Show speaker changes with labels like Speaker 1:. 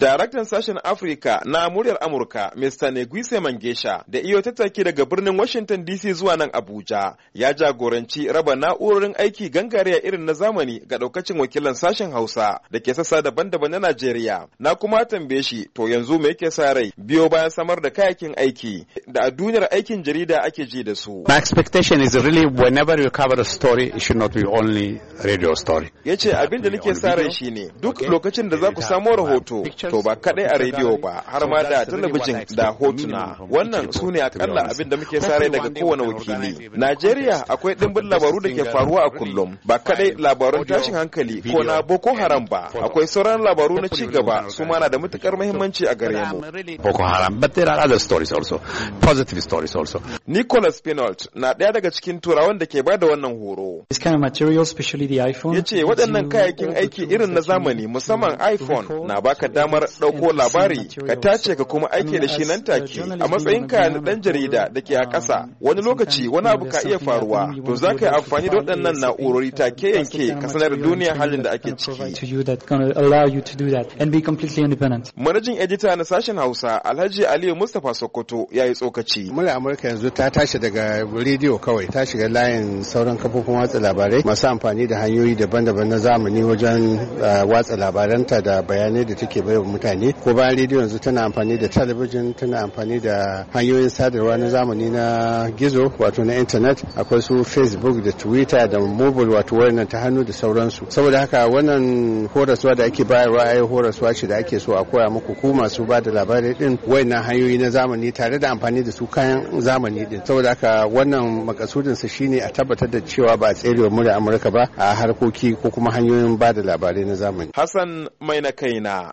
Speaker 1: Daraktan sashen Afirka na muryar Amurka, Mr. Neguise Mangesha, da iyo tattaki daga birnin Washington DC zuwa nan Abuja, ya jagoranci raba na'urorin aiki gangariya irin na zamani ga daukacin wakilan sashen Hausa da ke sassa daban-daban na Najeriya. Na kuma tambaye shi to yanzu me yake sa rai biyo bayan samar da kayakin aiki da a duniyar aikin jarida ake ji da su.
Speaker 2: My expectation is really whenever you cover a story it should not be only
Speaker 1: radio story. Yace abin da nake sa rai shine duk lokacin da za ku samo rahoto To ba kadai a rediyo ba har ma da talabijin da hotuna. Wannan su ne akalla abin da muke sare daga kowane wakili. Najeriya akwai dimbin labaru da ke faruwa a kullum ba kadai labarun tashin hankali ko na Boko Haram ba. Akwai sauran labaru na cigaba su na da matukar muhimmanci a gare mu.
Speaker 2: Boko Haram but there are other stories also positive stories also.
Speaker 1: Nicholas Pinault na ɗaya daga cikin turawan da ke ba da wannan horo. This kind of material especially the iPhone. Yace waɗannan kayayyakin aiki irin na zamani musamman iPhone na baka dama. kamar ɗauko labari ka tace ka kuma aike da shi nan uh, take a matsayin ka na ɗan jarida da ke a kasa um, wani lokaci wani abu ka iya faruwa to za ka yi amfani da waɗannan na'urori uh, take yanke ka sanar da duniya halin da ake ciki. Manajin edita na sashen Hausa Alhaji Aliyu Mustapha Sokoto ya yi tsokaci. Mura Amurka
Speaker 2: yanzu ta tashi daga rediyo kawai ta shiga layin sauran kafofin watsa labarai masu amfani da hanyoyi daban-daban na zamani wajen uh, watsa labaranta da bayanai da take baiwa mutane ko bayan rediyo yanzu tana amfani da talabijin tana amfani da hanyoyin sadarwa na zamani na gizo wato na intanet akwai su facebook da twitter da mobile wato wayannan ta hannu da sauransu saboda haka wannan horaswa da ake bayarwa ai horaswa ce da ake so a koya muku ku masu ba da labarai din wayannan hanyoyi na zamani tare da amfani da su kayan zamani din saboda haka wannan makasudin su shine a tabbatar da cewa ba a tserewa murya Amurka ba a harkoki ko kuma hanyoyin ba da labarai na zamani
Speaker 1: Hassan mai na kaina